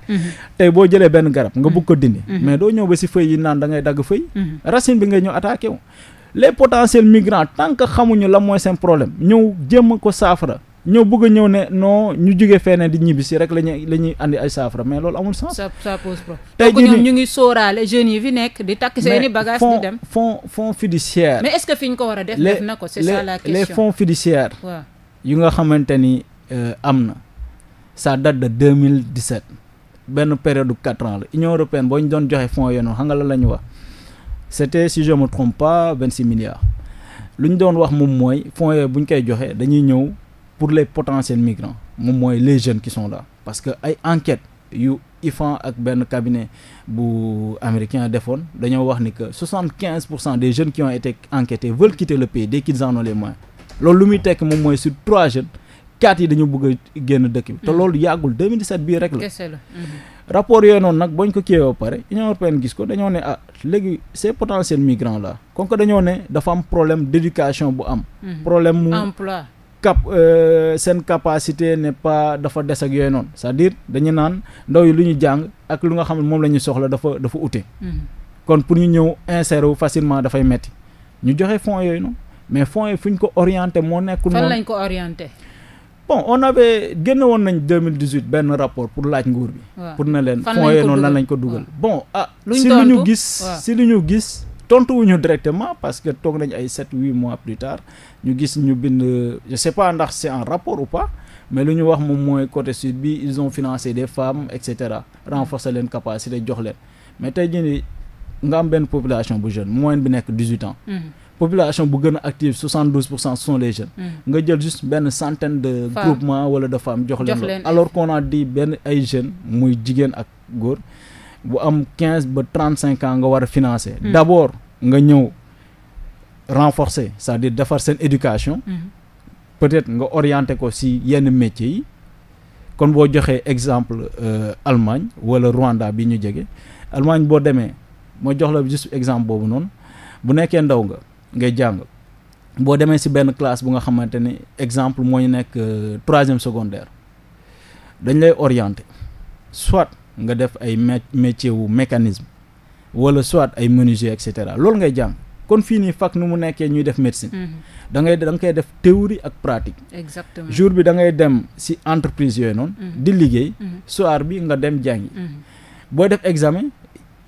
boo jëlee benn garab nga bugg ko dindi mais doo ñëw ba si feuilles yi naan da ngay dagg feuille racine bi nga ñëw attaqué wu les potentiels migrants tant que xamuñu la mooy seen problème ñëw jéem ko saafara ñëw bëgg ñëw ne no ñu jógee feneen di ñibbi si rek la ñuy la ñuy andi ay saafara mais loolu amul sens. ça ça pose ñoom ñu ngi sóoraale jeunes yi fi nekk di takk seeni bagages di dem. fonds fonds fiduciaire. mais est-ce que fi ñu ko war a def. def na ko c'est ça la question les fonds fiduciaires. waaw yu nga xamante ni euh, am na. ça mille de 2017 benn période bu quatre ans la Union européenne boo ñu doon joxe fonds yooyu noonu xam nga lan la ñu wax c'était si je me trompe pas vingt six milliards lu ñu doon wax moom mooy fonds bu ñu koy joxe dañuy ñëw. pour les potentiels migrants moom mooy les jeunes qui sont là parce que ay enquêtes yu IFAN ak benn cabinet bu américain defoon dañoo wax ni que soixante quinze pour cent des jeunes qui ont été enquêtés veulent quitter le pays dès qu'ils en ont les moyens loolu lu muy tekk moom mooy sur trois jeunes quatre yi dañu bëgg a génn dëkk bi te mm-hmm. loolu yàggul 2017 bii rek la mm-hmm. rapport yooyu noonu nag bañ ko kiiwee ba pare Union européenne gis ko dañoo ne ah léegi ces potentiels migrants là dañoo ne dafa am problème d'éducation bu am mm-hmm. cap euh, seen capacité n'est pas dafa des ak yooyu noonu c'est-à-dire dañu naan ndaw yi lu ñu jàng ak lu nga xam moom la ñuy soxla dafa dafa ute. Hmm. kon pour ñu ñëw insérer wu facilement dafay metti ñu joxe fonds yooyu noonu mais fonds yi fu ñu ko orienté moo nekkul. fan lañ ko orienté. bon on avait génne woon nañ 2018 benn rapport pour laaj nguur bi. pour na leen fonds dugal. bon ah si lu ñu gis si lu ñu gis. tontu wuñu directement parce que toog nañ ay sept huit mois plus tard ñu gis ñu bind je sais pas ndax c'est en rapport ou pas mais lu ñu wax moom mooy côté sud bi ils ont financé des femmes et cetera renforcer leen capacité jox leen mais tey jii nii nga am benn population bu jeune moyenne bi nekk dix huit ans. Mm-hmm. population bu gën a active soixante douze pour cent ce sont les mm-hmm. nga jël benn centaine de. groupement wala de femmes jox leen alors qu'on a dit benn ay jeunes muy jigéen ak góor. bu am quinze ba trente cinq ans nga war a financer. Hmm. d' abord nga ñëw renforcé c'est-à-dire defar seen éducation. Hmm. peut-être nga orienté ko si yenn métiers yi. kon boo joxee exemple euh, Allemagne wala Rwanda bi ñu jege Allemagne boo demee ma jox la juste exemple boobu noonu bu nekkee ndaw nga ngay jàng. boo demee si benn classe bu nga xamante ni exemple mooy nekk euh, troisième secondaire dañ lay orienté nga def ay métier wu mécanisme wala soit ay menuisier et cetera loolu ngay jàng kon fii nii fac nu mu nekkee ñuy def médecine. Mm-hmm. da ngay da nga koy def théorie ak pratique. exactement jour bi da ngay dem si entreprise yooyu noonu. Mm-hmm. di liggéey. Mm-hmm. soir bi nga dem jàngi. booy def examen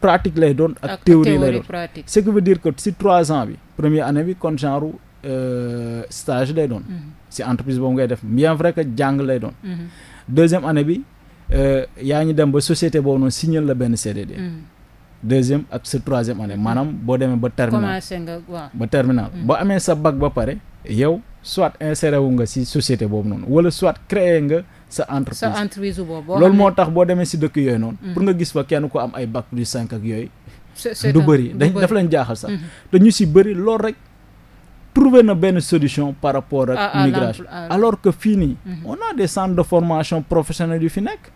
pratique lay doon. ak théorie lay doon ce qui veut dire que si trois ans bi première année bi kon genre euh, stage lay doon. si entreprise boobu ngay def bien vrai que jàng lay doon. deuxième année Euh, yaa ñu dem ba société boobu noonu signal la benn CDD. Mm. deuxième ak sa troisième année mm. maanaam boo demee ba. terminal nga waaw ba terminal. Mm. boo amee sa bac ba pare yow soit inséré wu nga si société boobu noonu wala soit créé nga. sa entreprise sa entreprise boobu. loolu moo tax boo demee si dëkk yooyu noonu. pour nga gis fa kenn ko am ay bac plus cinq ak yooyu. du bëri dañ daf leen jaaxal sax. Mm-hmm. te ñu si bëri loolu rek. trouvé na benn solution par rapport ak migration alors que fii nii mhm. on a des centres de formation professionnelle yu fi nekk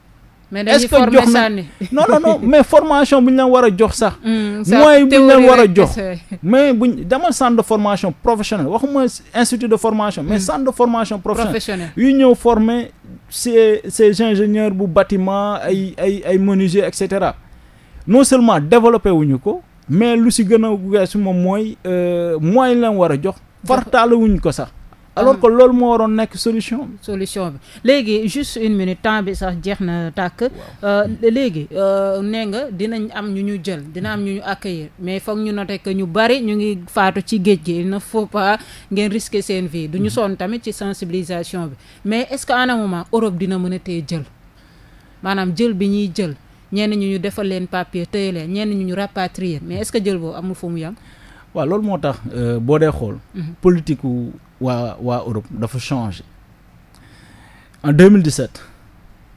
mais dañuy former sànni non non non mais formation bu ñu leen war a jox sax hmm, mooy bu ñu leen war a jox mais buñ demal centre de formation professionnelle waxuma institut de formation mais hmm. centre de formation professionnelle yu ñëw former ces ces ingénieurs bu bâtiment ay ay ay menuisier et cetera non seulement développé wuñu ko mais lu si gën a weesu moom mooy euh, moyen yi leen war a jox fartaaluwuñ ko sax alors que loolu moo waroon nekk solution solution bi léegi juste une minute temps bi sax jeex na tàkk euh, léegi euh, nee nga dinañ am ñu ñu jël dina am ñu ñu accueillir mais foog ñu noter que ñu bari ñu ngi faatu ci géej gi na ne ngeen risquer seen vie du ñu mm-hmm. sonn tamit ci sensibilisation bi mais est-ce que à un Europe dina mën a tee jël maanaam jël bi ñuy jël ñenn ñu ñu defal leen papier téye leen ñenn ñu ñu rapatrier mais est-ce que jël boobu amul fu mu yam. waaw loolu moo tax euh, boo dee xool. Mhm. politiku wu waa waa Europe dafa changé en 2017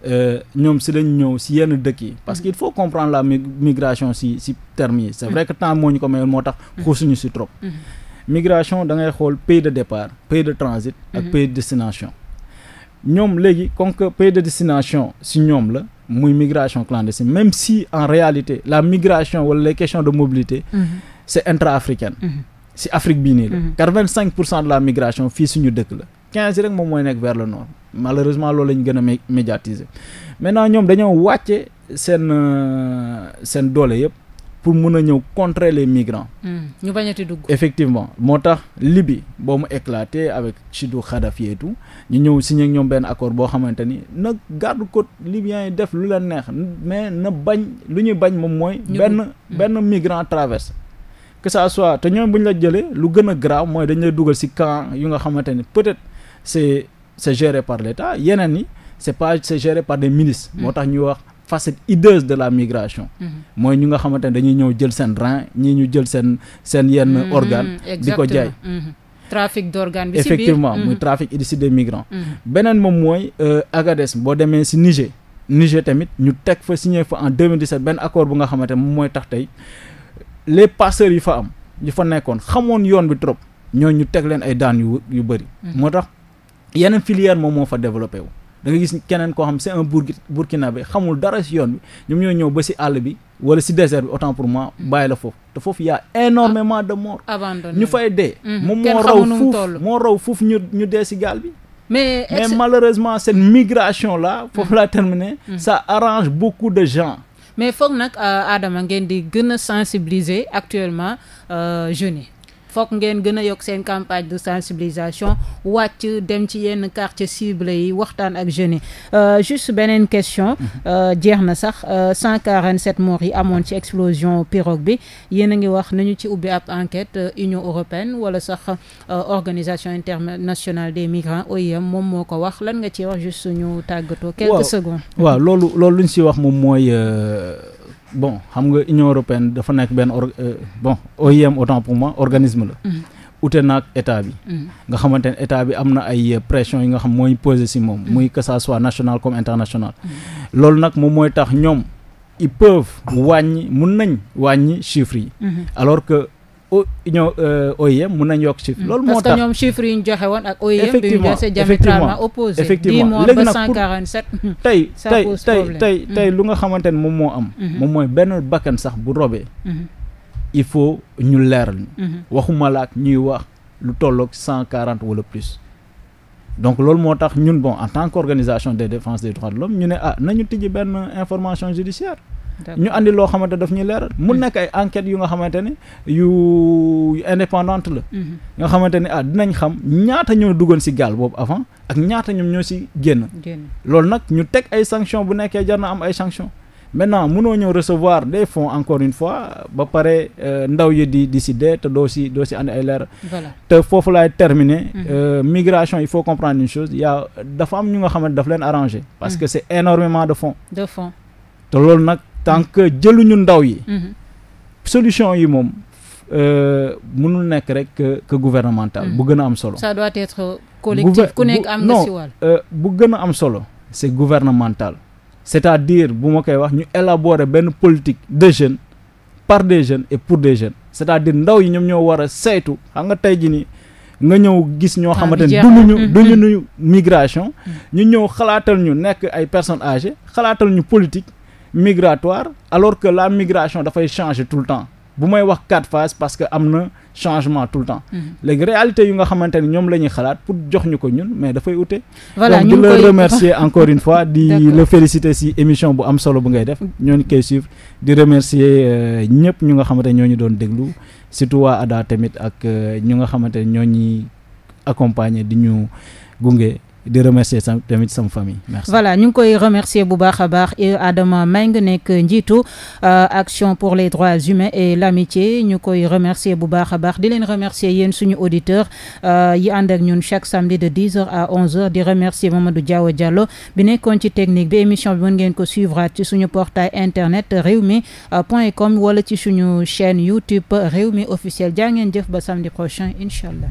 euh, ñoom si lañ ñëw si yenn dëkk yi. parce que mhm. il faut comprendre la migration si si terme yi. c'est vrai que temps moo ñu ko mayee moo tax. Mhm. xuusuñu si trop. migration da ngay xool pays de départ pays de transit. ak pays de destination. ñoom léegi comme que pays de destination si ñoom la. muy migration clandestine même si en réalité la migration wala les questions de mobilité mm -hmm. c'est intra-africaine mm si Afrique bii nii la mhm. quatre cinq pour cent de la migration fii suñu dëkk la quinze rek moom mooy nekk vers le nord malheureusement loolu lañ gën a médiatiser maintenant ñoom dañoo wàcce seen euh, seen doole yëpp pour mun a ñëw contrer les migrants. Hmm. ñu bañati dugg. effectivement moo tax Libye boo mu éclaté avec Chidou Khadafi et tout ñu ñëw signé ñoom benn accord boo xamante ni na garde côte libyen yi def lu la neex mais na bañ lu ñuy bañ moom mooy. benn hmm. benn migrant traverse. que ça soit te ñoom bu ñu la jëlee lu gën a grave mooy dañu lay dugal si camp yu nga xamante ni peut-être c'est c'est géré par l'État yeneen yi c'est pas c'est géré par des milices. Hmm. moo tax ñuy wax. facette hideuse de la migration. Mm-hmm. mooy ñu nga xamante ne dañuy ñëw jël seen rein ñii ñu jël seen seen yenn mm-hmm. organ di ko jaay. Mm-hmm. trafic d'organe bi si biir muy trafic illicite des migrants. beneen moom mooy euh, Agadez boo demee si Niger. Niger tamit ñu teg fa signé fa en 2017 benn accord bu nga xamante ne moom mooy tax tey les passeurs yi fa am yu fa nekkoon xamoon yoon bi trop ñoo ñu teg leen ay daan yu yu bëri. moo tax yeneen filière moom moo fa développé wu. da nga gis keneen koo xam c'est un burki bi xamul dara si yoon bi ñoom ñoo ñëw ba si àll bi wala si désert bi autant pour moi bàyyi la foofu te foofu y a énormément de morts ñu fay dee mm-hmm. moom moo raw fuuf moo raw fuuf ñu ñu dee si gaal bi mais mais malheureusement cette migration la mm-hmm. foofu la terminer mm-hmm. ça arrange beaucoup de gens mais foog nag euh, Adama ngeen di gën a sensibiliser actuellement euh, jeunes yi foog ngeen gën a yokk seen campagne de sensibilisation wàcc dem ci yenn quartier cible yi waxtaan ak jeunes yi euh, juste beneen question mhm. euh, jeex na sax euh, cent quarante sept morts yi amoon ci explosion pirogue bi yéen a ngi wax nañu ci ubbi ab enquête Union européenne wala sax organisation internationale des migrants OIM moom moo ko wax lan nga ci wax juste suñu tàggatoo quelques secondes waaw loolu loolu luñ si wax moom mooy bon xam nga Union européenne dafa nekk benn or euh, bon OIM autant pour moi organisme la. Mhm. ute naag état bi. Mhm. nga xamante ne état bi am na ay euh, pression yi nga xam mooy posé si moom. Mhm. muy que ça soit national comme international. loolu nag moom mooy tax ñoom ils peuvent wàññi mun nañ wàññi chiffres yi. alors que union euh, OIM mun nañ yokk chiffre. Mm. loolu moo tax parce que yi ñu joxe woon ak. OIM bi ñu joxe diamétralement opposé. effectivement léegi nag pour tey tey mm. tey lu nga xamante ne moom moo am. Mm-hmm. moom mooy benn bakkan sax bu robee. Mm-hmm. il faut ñu leeral. Mm-hmm. waxuma la ak ñuy wax lu tolloog cent quarante wala plus. donc loolu moo tax ñun bon en tant qu'organisation des des droits de l'homme ñu ne ah nañu tijji benn information judiciaire. ñu andi loo xamante daf ñuy leeral mu hmm. nekk ay enquêtes yu nga xamante ne yu indépendante la hmm. nga xamante ne ah dinañ xam ñaata ñoo duggoon si gaal boobu avant ak ñaata ñoom ñoo si génn loolu nag ñu teg ay sanction bu nekkee jar na am ay sanction maintenant mënoo ñëw recevoir des fonds encore une fois ba pare euh, ndaw yi di di si dee te doo si doo si andi ay leeral voilà te foofu laay terminer hmm. euh, migration il faut comprendre une chose yaa dafa am ñu nga xamante daf leen arranger parce que c'est de fonds tant que ñu ndaw yi. Mm-hmm. solution yi moom euh, mënul nekk rek que gouvernemental mm-hmm. bu gën a am solo. ça doit être euh, collectif ku nekk am na euh, bu gën a am solo c'est gouvernemental. c'est-à-dire bu ma koy wax ñu élaborer benn politique de jeunes par des jeunes et pour des jeunes c'est-à-dire ndaw yi ñoom ñoo war a saytu xam nga tey jii nii nga ñëw gis ñoo xamante ne duñu mm-hmm. duñu migration ñu ñëw xalaatal ñu nekk ay personnes age xalaatal ñu politique migratoire alors que la migration dafay changer tout le temps bu may wax quatre phases parce que am na changement tout le temps. Mhm. léegi réalité yu nga xamante ne ñoom lañuy xalaat pour jox ñu ko ñun mais dafay ute. voilà ñu di la remercier encore une fois di la féliciter si émission bu am solo bu ngay def ñooñu koy suivre di remercier euh, ñëpp ñu nga xamante ne ñoo ñu doon déglu surtout waa ADA tamit ak euh, ñu nga xamante ne ñoo ñuy accompagner di ñu gunge. di remercier tamit sama famille voilà ñu ngi koy remercier bu baax a baax Adama nga nekk njiitu euh, action pour les droits humains et l'amitié ñu koy remercier bu baax a baax di leen remercier yéen suñu auditeurs euh, yi ànd ak ñun chaque samedi de 10h à 11h di remercier Mamadou Diaw Diallo bi nekkoon ci technique bi émission bi mën ngeen ko suivre ci suñu portail internet rewmi point com wala ci suñu chaîne YouTube mi officiel jaa ngeen jëf ba samedi prochain incha allah.